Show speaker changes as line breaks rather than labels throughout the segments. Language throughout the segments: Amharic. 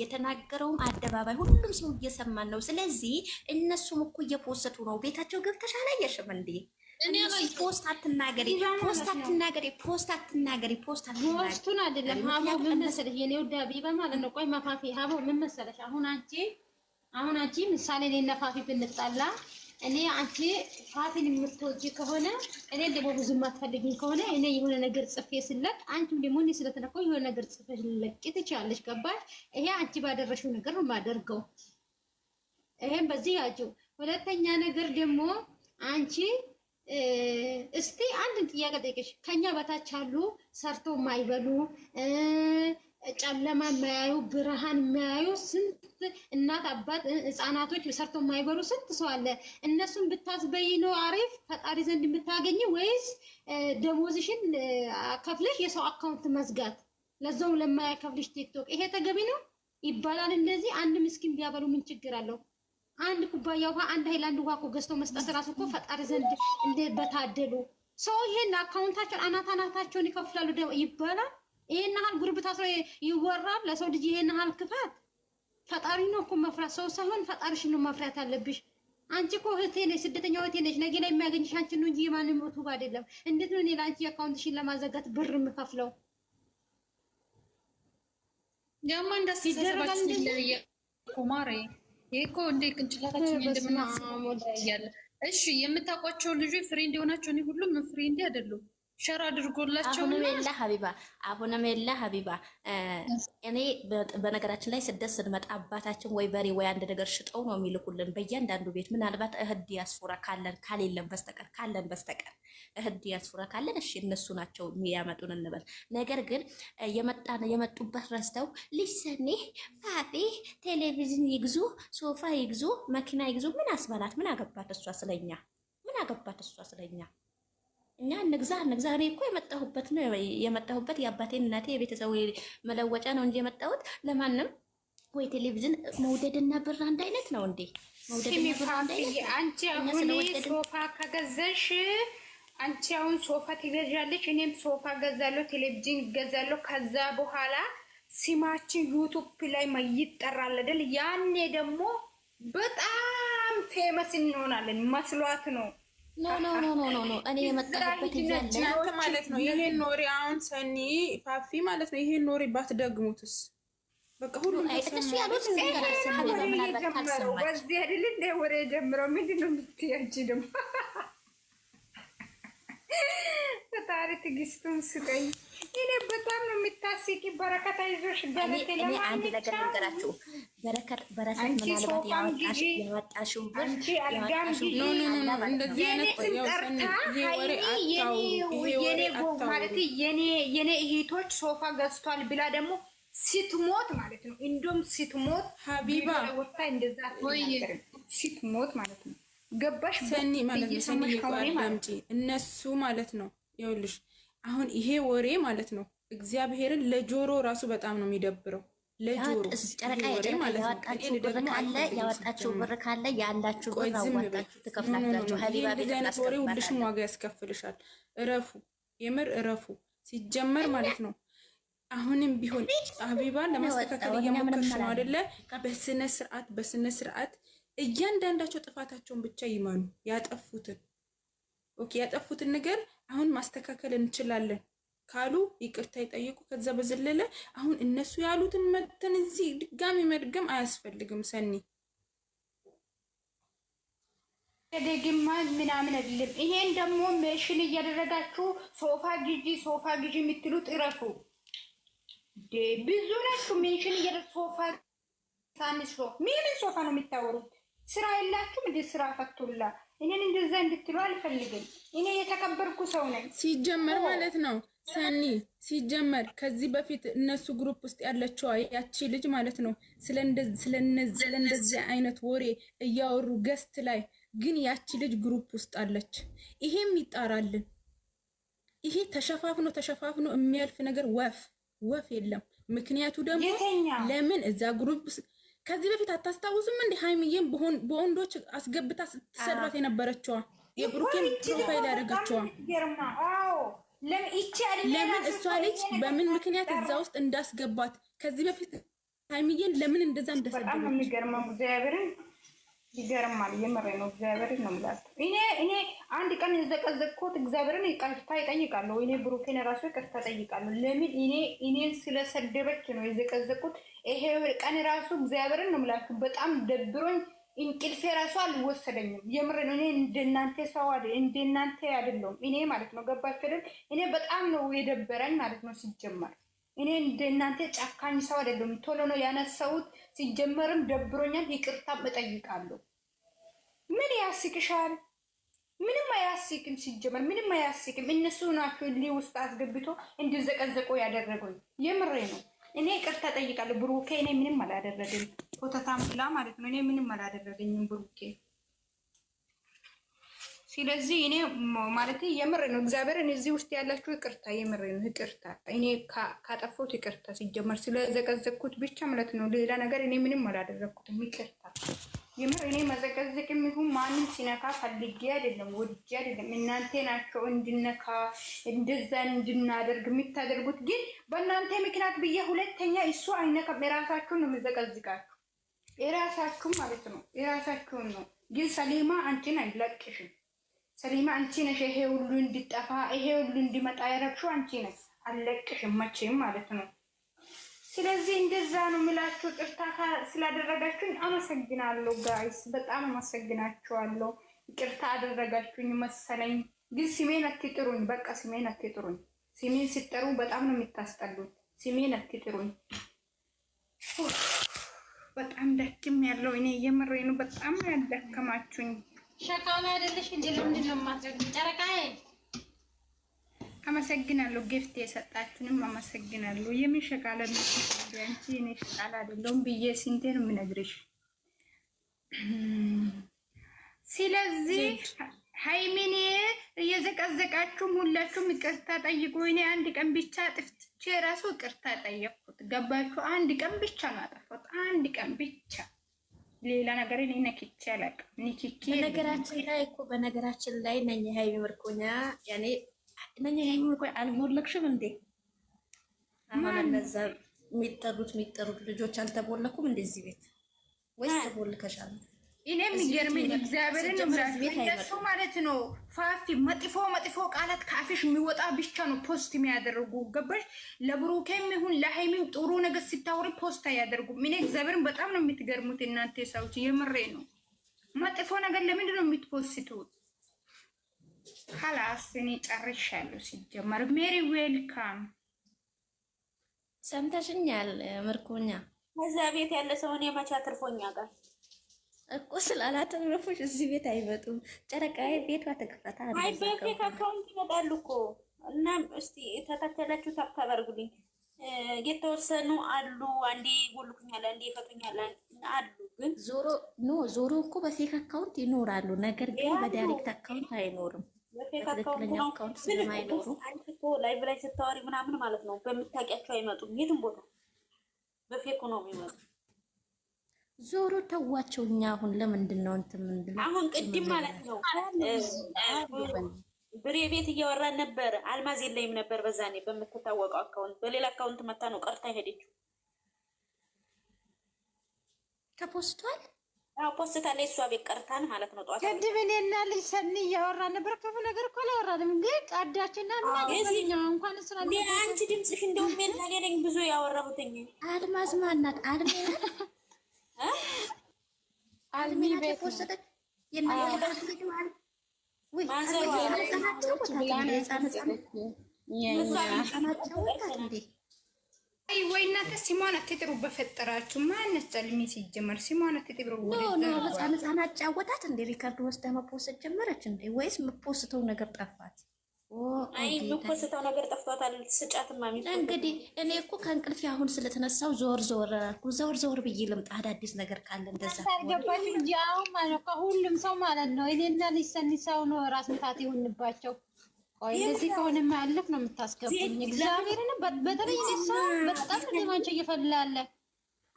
የተናገረውም አደባባይ ሁሉም ሰው እየሰማን ነው። ስለዚህ እነሱም እኮ እየፖስቱ ነው። ቤታቸው ገብተሽ አላየሽም እንዴ?
ፖስት አትናገሪ፣ ፖስት አትናገሪ፣ ፖስት አትናገሪ፣ ፖስት አትናገሪ። ፖስቱን አይደለም ሀበው ምን መሰለሽ፣ የኔ ውድ ሀቢባ ማለት ነው። ቆይ መፋፊ ሀበው ምን መሰለሽ፣ አሁን አንቺ አሁን አንቺ ምሳሌ እኔና ፋፊ ብንጣላ እኔ አንቺ ፋቲን የምትወጂ ከሆነ እኔ ደግሞ ብዙ የማትፈልግኝ ከሆነ እኔ የሆነ ነገር ጽፌ ስለቅ አንቺም ደግሞ እኔ ስለተነኮ የሆነ ነገር ጽፌ ስለቅ ትችላለች። ገባሽ? ይሄ አንቺ ባደረሽው ነገር ነው የማደርገው። ይሄን በዚህ ያጭው። ሁለተኛ ነገር ደግሞ አንቺ እስቲ አንድን ጥያቄ ጠይቅሽ ከኛ በታች አሉ ሰርቶ ማይበሉ ጨለማ የማያዩ ብርሃን የማያዩ ስንት እናት አባት ህፃናቶች ሰርቶ የማይበሩ ስንት ሰው አለ። እነሱን ብታስበይ ነው አሪፍ ፈጣሪ ዘንድ የምታገኝ ወይስ ደሞዝሽን ከፍለሽ የሰው አካውንት መዝጋት ለዛው ለማያከፍልሽ ቲክቶክ ይሄ ተገቢ ነው ይባላል? እንደዚህ አንድ ምስኪን ቢያበሉ ምን ችግር አለው? አንድ ኩባያ ውሃ፣ አንድ ሃይላንድ ውሃ እኮ መስጠት ራሱ እኮ ፈጣሪ ዘንድ እንደ በታደሉ ሰው ይሄን አካውንታቸውን አናት አናታቸውን ይከፍላሉ ይባላል። ይሄን ያህል ጉርብታ ሰው ይወራል ለሰው ልጅ ይሄን ያህል ክፋት። ፈጣሪ ነው እኮ መፍራት፣ ሰው ሳይሆን ፈጣሪሽን ነው መፍራት አለብሽ አንቺ እኮ እህቴ ነሽ፣ ስደተኛ እህቴ ነሽ። ነገ ላይ የሚያገኝሽ አንቺ ነው እንጂ የማንም ዩቱብ አይደለም። እንዴት ነው እኔ ለአንቺ የአካውንትሽን ለማዘጋት ብር የምከፍለው?
ያማ እንዳስተሳሰባችን ይለያል እኮ ማሬ። ይሄ እኮ እንደ ቅንጭላታችን እንደምናስበው ያለ። እሺ የምታውቋቸው ልጆች ፍሬንድ የሆናቸው እኔ ሁሉም ፍሬንድ አይደሉም። ሸር አድርጎላቸው
አቡነሜላ ሀቢባ አቡነሜላ ሀቢባ እኔ በነገራችን ላይ ስደት ስንመጣ አባታችን ወይ በሬ ወይ አንድ ነገር ሽጠው ነው የሚልኩልን በእያንዳንዱ ቤት ምናልባት እህድ ዲያስፖራ ካለን ካሌለን በስተቀር ካለን በስተቀር እህድ ዲያስፖራ ካለን እሺ እነሱ ናቸው የሚያመጡን እንበል ነገር ግን የመጣ የመጡበት ረስተው ሊሰኔ ፋፌ ቴሌቪዥን ይግዙ ሶፋ ይግዙ መኪና ይግዙ ምን አስበላት ምን አገባት እሷ ስለኛ ምን አገባት እሷ ስለኛ እኛ እንግዛ እንግዛ። እኔ እኮ የመጣሁበት ነው የመጣሁበት የአባቴን እናቴ የቤተሰቡ መለወጫ ነው እንጂ የመጣሁት ለማንም ወይ ቴሌቪዥን መውደድና ብር አንድ አይነት ነው እንዴ?
ስሚ አንቺ አሁን ሶፋ ከገዘሽ አንቺ አሁን ሶፋ ትገዣለሽ፣ እኔም ሶፋ ገዛለሁ፣ ቴሌቪዥን ገዛለሁ። ከዛ በኋላ ስማችን ዩቱብ ላይ ይጠራል አይደል? ያኔ ደግሞ በጣም ፌመስ እንሆናለን መስሏት ነው
ኖ ኖ ኖ ኖ ኖ እኔ የመጣሁበት እናንተ
ማለት ነው። ይሄን ኖሪ አሁን ሰኒ ፋፊ ማለት ነው። ይሄን ኖሪ ባትደግሙትስ
በቃ ሁሉ እሱ ያሉት
በዚህ አይደል እንደ ወሬ ጀምረው ምንድን ነው የምትያጅ ደግሞ ኧረ ትዕግስቱን ስጠኝ። እኔ በጣም ነው የምታስቂ። በረከት አይዞሽ ገለቴ።
አንድ ነገር ነገራችሁ በረከት በረከት ምናልባት ያወጣሽው ብር
ማለት የኔ እህቶች ሶፋ ገዝቷል ብላ ደግሞ ስትሞት ማለት ነው። እንዲሁም ስትሞት ሀቢባ ወታ እንደዛ
ስትሞት ማለት ነው። ገባሽ ሰኒ ማለት ነው። ሰኒ እነሱ ማለት ነው ይኸውልሽ አሁን ይሄ ወሬ ማለት ነው እግዚአብሔርን ለጆሮ ራሱ በጣም ነው የሚደብረው።
ለጆሮ ጨረቃ ካለ ያወጣችሁ ብር ካለ ያላችሁ ብር
ትከፍላላችሁ። ወሬ ሁልሽም ዋጋ ያስከፍልሻል። እረፉ፣ የምር እረፉ። ሲጀመር ማለት ነው አሁንም ቢሆን ሀቢባን ለማስተካከል እየሞከርሽ ነው አደለ? በስነ ስርዓት በስነ ስርዓት እያንዳንዳቸው ጥፋታቸውን ብቻ ይመኑ ያጠፉትን ኦኬ ያጠፉትን ነገር አሁን ማስተካከል እንችላለን ካሉ ይቅርታ ይጠይቁ። ከዛ በዘለለ አሁን እነሱ ያሉትን መተን እዚህ ድጋሚ መድገም አያስፈልግም። ሰኒ
ደግማ ምናምን አይደለም። ይሄን ደግሞ ሜሽን እያደረጋችሁ ሶፋ ግዢ ሶፋ ግዢ የምትሉት እረፉ። ብዙ ናችሁ ሜሽን እያደረ ሶፋ ሳንሶ ምን ሶፋ ነው የሚታወሩት? ስራ የላችሁም እንደ ስራ ፈቶላ እኔን እንደዛ እንድትሉ አልፈልግም። እኔ የተከበርኩ ሰው ነኝ።
ሲጀመር ማለት ነው ሰኒ ሲጀመር ከዚህ በፊት እነሱ ግሩፕ ውስጥ ያለችው ያቺ ልጅ ማለት ነው ስለእንደዚህ አይነት ወሬ እያወሩ ገስት ላይ ግን ያቺ ልጅ ግሩፕ ውስጥ አለች። ይሄም ይጣራልን። ይሄ ተሸፋፍኖ ተሸፋፍኖ የሚያልፍ ነገር ወፍ ወፍ የለም። ምክንያቱ ደግሞ ለምን እዛ ግሩፕ ከዚህ በፊት አታስታውስም? እንደ ሀይሚዬም በወንዶች አስገብታ ስትሰራት የነበረችዋ የብሩኬን ፕሮፋይል ያደረገችዋ
ለምን እሷ ልጅ በምን ምክንያት እዛ ውስጥ እንዳስገባት
ከዚህ በፊት ሀይሚዬን ለምን እንደዛ እንደሰደበች
ይገርማል። የምሬ ነው። እግዚአብሔር ነው ምላት። እኔ እኔ አንድ ቀን የዘቀዘቅኩት እግዚአብሔርን ይቅርታ ይጠይቃለሁ። እኔ ብሩኬን ራሱ ይቅርታ ጠይቃለሁ። ለምን እኔ እኔን ስለሰደበች ነው የዘቀዘቅኩት። ይሄ ቀን ራሱ እግዚአብሔርን ነው የምላቸው። በጣም ደብሮኝ እንቅልፌ ራሱ አልወሰደኝም። የምር እኔ እንደናንተ ሰው አይደል እንደናንተ አይደለሁም። እኔ ማለት ነው ገባችሁ አይደል? እኔ በጣም ነው የደበረኝ ማለት ነው ሲጀመር እኔ እንደናንተ ጨካኝ ሰው አይደለም። ቶሎ ነው ያነሳሁት። ሲጀመርም ደብሮኛል። ይቅርታም እጠይቃለሁ። ምን ያስቅሻል? ምንም አያስቅም። ሲጀመር ምንም አያስቅም። እነሱ ናቸው ሊ ውስጥ አስገብቶ እንዲዘቀዘቆ ያደረገኝ። የምሬ ነው። እኔ ይቅርታ ጠይቃለሁ። ብሩኬ እኔ ምንም አላደረገኝ። ኮተታም ብላ ማለት ነው። እኔ ምንም አላደረገኝም ብሩኬ ስለዚህ እኔ ማለት የምር ነው እግዚአብሔርን እዚህ ውስጥ ያላችሁ ይቅርታ፣ የምር ነው ይቅርታ። እኔ ካጠፉት ይቅርታ፣ ሲጀመር ስለዘቀዘቅኩት ብቻ ማለት ነው። ሌላ ነገር እኔ ምንም አላደረግኩትም። ይቅርታ፣ የምር እኔ መዘቀዘቅ የሚሁን ማንም ሲነካ ፈልጌ አይደለም፣ ወድጄ አይደለም። እናንተ ናቸው እንድነካ እንደዛ እንድናደርግ የምታደርጉት። ግን በእናንተ ምክንያት ብዬ ሁለተኛ እሱ አይነካም። የራሳችሁን ነው የምዘቀዝቃችሁ፣ የራሳችሁን ማለት ነው፣ የራሳችሁን ነው። ግን ሰሊማ አንቺን አይለቅሽም ሰሊማ አንቺ ነሽ ይሄ ሁሉ እንዲጠፋ ይሄ ሁሉ እንዲመጣ ያረግሽው አንቺ ነሽ። አለቅሽም መቼም ማለት ነው። ስለዚህ እንደዛ ነው የሚላችሁ ቅርታ ስላደረጋችሁኝ አመሰግናለሁ ጋይስ፣ በጣም አመሰግናችኋለሁ። ቅርታ አደረጋችሁኝ መሰለኝ፣ ግን ስሜን አትጥሩኝ። በቃ ስሜን አትጥሩኝ። ስሜን ሲጠሩ በጣም ነው የምታስጠሉት። ስሜን አትጥሩኝ። በጣም ደክም ያለው እኔ እየመረኝ ነው። በጣም ያደከማችሁኝ
ሸካማ አይደለሽ እንዴ? ለምንድን ነው የማትረግ? ጨረቃዬ
አመሰግናለሁ። ግፍት የሰጣችሁንም አመሰግናለሁ። የምን ሸቃለ አንቺ እኔ ሸቃላ አይደለሁም ብዬ ስንቴ ነው የምነግርሽ። ስለዚህ እየዘቀዘቃችሁም ሁላችሁም ይቅርታ ጠይቁ። እኔ አንድ ቀን ብቻ ጥፍቼ ራሱ ይቅርታ ጠየቅኩት። ገባችሁ? አንድ ቀን ብቻ ነው አጠፋሁት። አንድ ቀን ብቻ ሌላ ነገር እኔ ነክቼ አላውቅም። ንክኬ
በነገራችን ላይ እኮ በነገራችን ላይ ነኝ ሃይሚ ምርኮኛ ያኔ ነኝ ሃይሚ ምርኮኛ አልሞለክሽም እንዴ? አሁን እንደዛ የሚጠሩት የሚጠሩት ልጆች አልተቦለኩም እንደዚህ ቤት ወይስ ተቦልከሻል?
እኔ የሚገርመኝ እግዚአብሔርን እነሱ ማለት ነው ፋፊ መጥፎ መጥፎ ቃላት ከአፍሽ የሚወጣ ብቻ ነው ፖስት የሚያደርጉ ገባሽ። ለብሩኬም ይሁን ለሃይሚም ጥሩ ነገር ሲታወሪ ፖስት አያደርጉም። እኔ እግዚአብሔርን በጣም ነው የምትገርሙት እናንተ ሰዎች፣ የምሬ ነው። መጥፎ ነገር ለምንድን ነው የምትፖስቱት? ካላስ እኔ ጨርሻለሁ። ሲጀመር ሜሪ ዌልካም
ሰምተሽኛል ምርኮኛ
ከዛ ቤት ያለ ሰውን የመቻ ትርፎኛ ጋር
እኮ ስላላተረፉሽ እዚህ ቤት አይመጡም። ጨረቃዬ ቤቷ ተከፈታ።
አይ በፌክ አካውንት ይመጣሉ እኮ። እናም እስቲ ተከተላችሁ ታብታብ አድርጉልኝ። የተወሰኑ አሉ። አንዴ ይጎልኩኛል፣ አንዴ ይፈቱኛል አሉ። ግን
ዞሮ ኖ ዞሮ እኮ በፌክ አካውንት ይኖራሉ። ነገር ግን በዳይሬክት አካውንት አይኖርም። በፌክ አካውንት ነው
ላይቭ ላይ ስታወሪ ምናምን ማለት ነው። በምታውቂያቸው አይመጡም የትም ቦታ በፌክ ነው የሚመጡ
ዞሮ ተዋቸው። እኛ አሁን ለምንድን ነው እንትን ምንድን
ነው አሁን ቅድም ማለት ነው ብሬ ቤት እያወራን ነበር። አልማዝ የለኝም ነበር በዛኔ በምትታወቀው አካውንት በሌላ አካውንት መታ ነው ቀርታ ሄደችው።
ተፖስቷል
ፖስታ ላይ እሷ ቤት ቀርታን ማለት ነው። ጠዋት
ቅድም እኔና ልጅ ሰኒ እያወራን ነበር። ክፉ ነገር እኮ አላወራንም፣ ግን ቀዳችና ምናገኛ እንኳን ስራ
አንቺ ድምፅሽ እንደውም ሜላ ሌለኝ ብዙ ያወራሁትኝ
አልማዝ ማናት አልማዝ ወይ
እናንተ ሲሟን አትጥሩ፣ በፈጠራችሁ ማነች አልሚ? ሲጀመር ሲሟን አትጥሩ።
ህፃን ህፃን አጫወታት እንዴ? ሪከርድ ወስዳ መፖስት ጀመረች እንዴ? ወይስ መፖስተው ነገር ጠፋት?
አይ እኮ ስታው ነገር ጠፍቷታል። ስጫት ማሚ
እንግዲህ እኔ እኮ ከእንቅልፍ አሁን ስለተነሳው ዘወር ዘወር አልኩ። ዘወር ዘወር ብዬ ልምጣ አዳዲስ ነገር ካለ እንደዛ
ገባሽ እንጂ አሁን ማለት ከሁሉም ሰው ማለት ነው እኔና ሊሰኒ ሰው ነው ራስ ምታት ይሁንባቸው። ቆይ እንደዚህ ከሆነ ማለፍ ነው የምታስገቡኝ። እግዚአብሔርን በተለይ ሰው በጣም ደማቸው እየፈላለ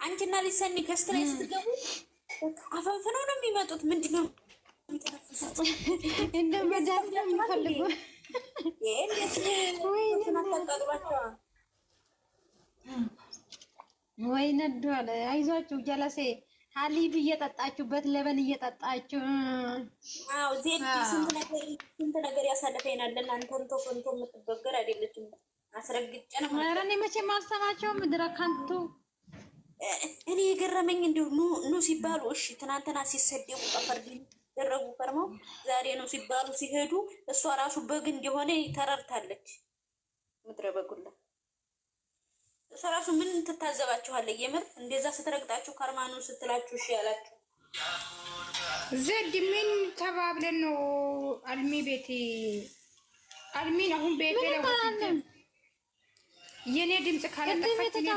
አንቺና ሊሰኒ ከስት ላይ ስትገቡ አፈንፍነው ነው የሚመጡት። ምንድነው
እንደመዳፍ ነው የሚፈልጉ
ወይ ነዷል። አይዟችሁ ጀለሴ ሀሊብ እየጠጣችሁበት ለበን እየጠጣችሁ
ስንት ነገር ያሳለፈ ይናለን። አንተን ከንቶ የምትበገር አይደለችም። አስረግጬ ነው
ኧረ እኔ መቼም አልሰማቸውም። ምድረ ከንቱ
እኔ የገረመኝ እንዲሁ ኑ ሲባሉ እሺ ትናንትና ሲሰደቡ ቀፈርድ ደረጉ ፈርመው ዛሬ ነው ሲባሉ ሲሄዱ እሷ ራሱ በግ እንደሆነ ተረርታለች። ምድረ በጉላ እሷ ራሱ ምን ትታዘባችኋለ? የምር እንደዛ ስትረግጣችሁ ከርማ ነው ስትላችሁ እሺ ያላችሁ ዘድ ምን ተባብለን ነው አልሚ ቤት አልሚን አሁን ቤት የኔ ድምፅ
ካለጠፋት ቤቴን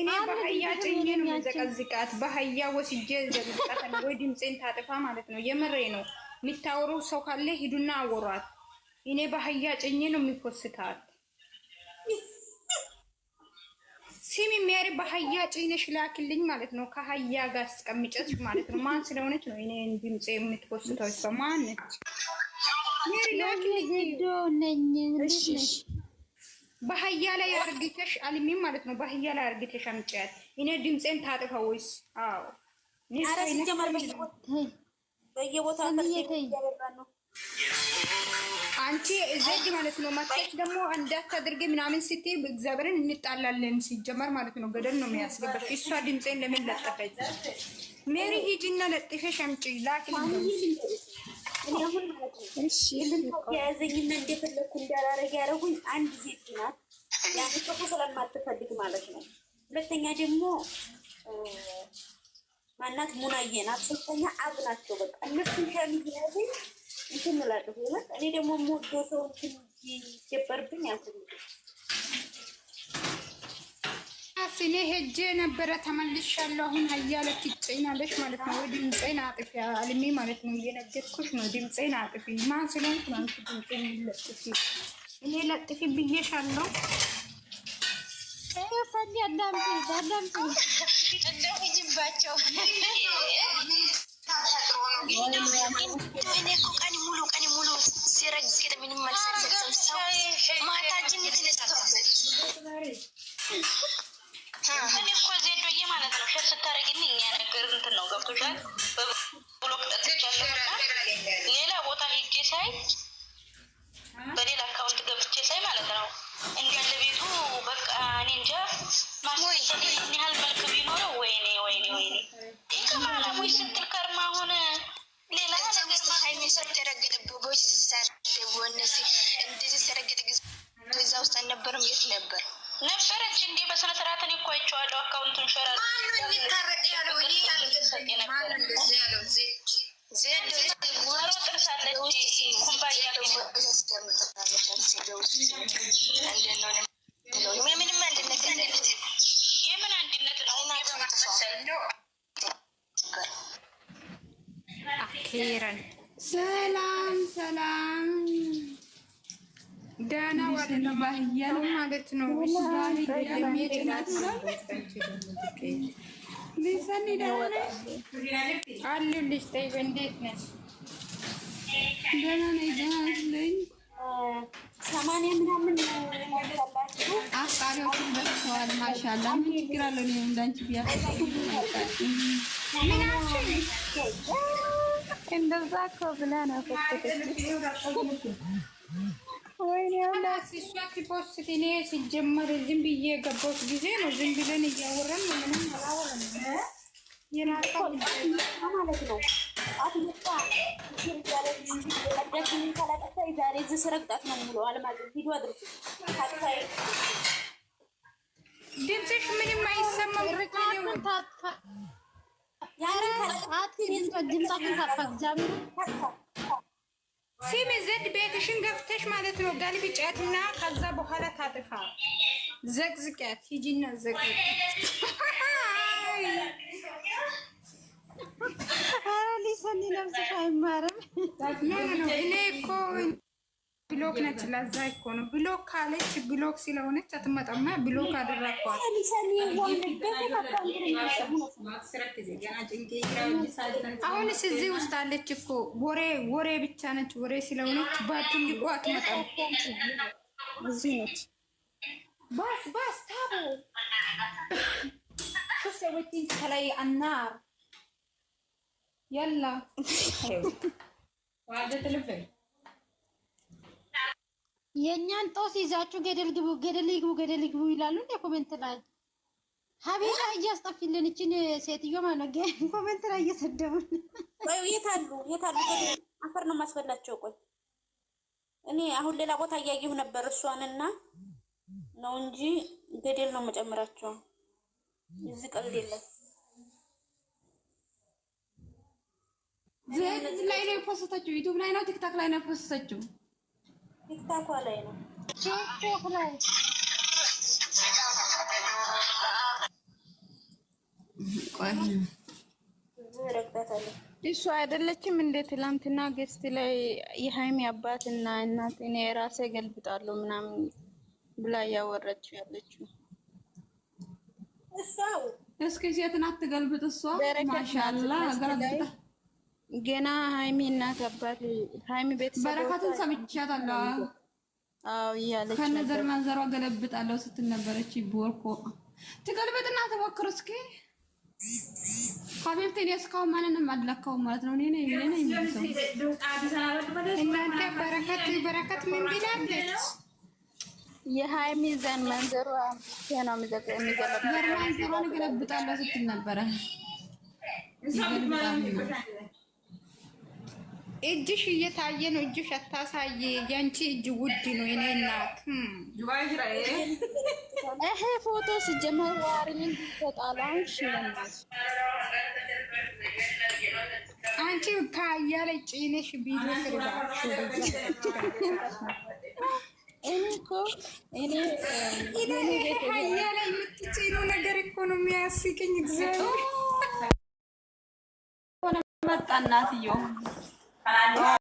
እኔ በአህያ ጭኜ ነው የምዘቀዝቃት። በአህያ ወስጄ ዘቅዝቃት ወይ ድምፄን ታጥፋ ማለት ነው። የምሬ ነው። የምታወሩ ሰው ካለ ሂዱና አወሯት። እኔ በአህያ ጭኜ ነው የሚኮስታት። ስም የሚያሪ በአህያ ጭነሽ ላክልኝ ማለት ነው። ከአህያ ጋር አስቀምጨት ማለት ነው። ማን ስለሆነች ነው እኔ ድምፄ የምትኮስተው? ሰው ሜሪ ላክልኝ ነኝ ባህያ ላይ አርግተሽ አልሚ ማለት ነው። ባህያ ላይ አርግተሽ አምጪያት። እኔ ድምጼን ታጥፋ ወይስ? አዎ አንቺ እዚህ ማለት ነው። መታች ደግሞ እንዳታደርግ ምናምን ስትይ እግዚአብሔርን እንጣላለን ሲጀመር ማለት ነው። ገደል ነው የሚያስገባሽ። እሷ ድምጼን ለምን ለጠፈች? ሜሪ ሂጂና ለጥፈሽ አምጪ ላኪ እኔ አሁን ማለት ነው የያዘኝና እንደፈለግኩ እንዳላረግ ያደረጉኝ አንድ ሴት ናት። ያን ጥቁ ስለማትፈልግ ማለት ነው። ሁለተኛ ደግሞ ማናት ሙናዬ ናት። ሶስተኛ አብ ናቸው። በቃ እነሱን ሸሚዝ እንትን እላለሁ። እኔ ደግሞ የምወደው ሰው እንትን ይደበርብኝ አልኩኝ ፕላስ እኔ ሄጄ ነበረ ተመልሻለሁ። አሁን ሀያለ ትጭኛለሽ ማለት ነው ወይ ድምፄን አጥፊ አልሜ ማለት ነው። እየነገርኩሽ ነው ድምፄን አጥፊ። ማን ስለሆንኩ ነው አንቺ ድምፄን ለጥፊ? እኔ ለጥፊ ብዬሻለሁ።
ፈኒ አዳምጪ አዳምጪ እንደው ሂጂባቸው
እየሄደች ነው። አሉልሽ ጠይበ እንዴት ነሽ? ደህና ነኝ ደህና ነኝ። ሰማንያ ምናምን አፍቃሪዎችን በዝተዋል። ማሻላ ምን ችግር አለው? እኔም እንዳንቺ ቢያስ
እንደዛ እኮ ብላ ነው
እሷ ፖስት እኔ ሲጀመር ዝም ብዬ ገባሁት ጊዜ ነው። ዝም ብለን እያወራን ምንም ድምፅሽ ምንም አይሰማም። ድምፃችን ሲሚ ዘድ ቤትሽን ገፍተሽ ማለት ነው ገልብጫትና ከዛ በኋላ ታጥፋ ዘቅዝቅያት ሂጂና ዘቅዝቅ።
ኧረ ሊሰኒ ነብስሽ አይማርም።
እኔ እኮ ብሎክ ነች። ለዛ እኮ ነው ብሎክ ካለች ብሎክ ስለሆነች አትመጣማ። ብሎክ አደረኳት። አሁንስ እዚህ ውስጥ አለች እኮ ወሬ ወሬ ብቻ ነች። ወሬ ስለሆነች በትልቁ አትመጣም። እዚህ ነች። ባስ ባስ ታቦ ሰዎችን ከላይ አናር ያላ
የእኛን ጦስ ይዛችሁ ገደል ግቡ፣ ገደል ግቡ፣ ገደል ግቡ ይላሉ። እንደ ኮሜንት ላይ ሀቢባ እያስጠፊልን እችን ሴትዮ ማለት ኮሜንት ላይ እየሰደቡን
የት የታሉ የት አፈር ነው የማስበላቸው። ቆይ እኔ አሁን ሌላ ቦታ እያየሁ ነበር። እሷንና ነው እንጂ ገደል ነው መጨመራቸው። እዚ ቀልድ የለም። ዘይት ላይ ነው የፖስተችው፣ ዩቱብ ላይ ነው፣ ቲክታክ ላይ ነው የፖስተችው ቲክታኳ ላይ ነው። ቲክቶክ ላይ እሱ አይደለችም እንደ ትላንትና ገስት ላይ የሀይሚ አባትና እናት እኔ ራሴ ገልብጣለሁ ምናምን ብላ እያወራችው ያለችው እስኪ ሴትን አትገልብጥ። እሷ ማሻላ ገለብጣ ገና ሀይሚ እናት አባት ሀይሚ ቤተሰብ በረከቱን ሰምቻታለሁ። አዎ እያለች ከነዘር ማንዘሯ ገለብጣለሁ ስትል ነበረች። ቦርኮ ትገልብጥና ተሞክር እስኪ ሀቢብቴ እኔ እስካሁን ማንንም አላካውም ማለት ነው። እኔ ነኝ እኔ ነኝ የሚሰው እናንተ በረከት በረከት ምን ቢላለች የሀይሚ ዘን ማንዘሯ ነው የሚገለብጥ ዘር ማንዘሯን ገለብጣለሁ ስትል ነበረ እጅሽ እየታየ ነው። እጅሽ አታሳይ። ያንቺ እጅ ውድ ነው። እኔ እናት
ይሄ ፎቶ ሲጀመር ዋሪን ይሰጣል።
አንቺ ካያለ ጭነሽ ቢሉ እኔ እኮ እኔ ካያለ የምትጭነው ነገር እኮ ነው የሚያስቅኝ። እግዚአብሔር መጣ እናትየው 好了。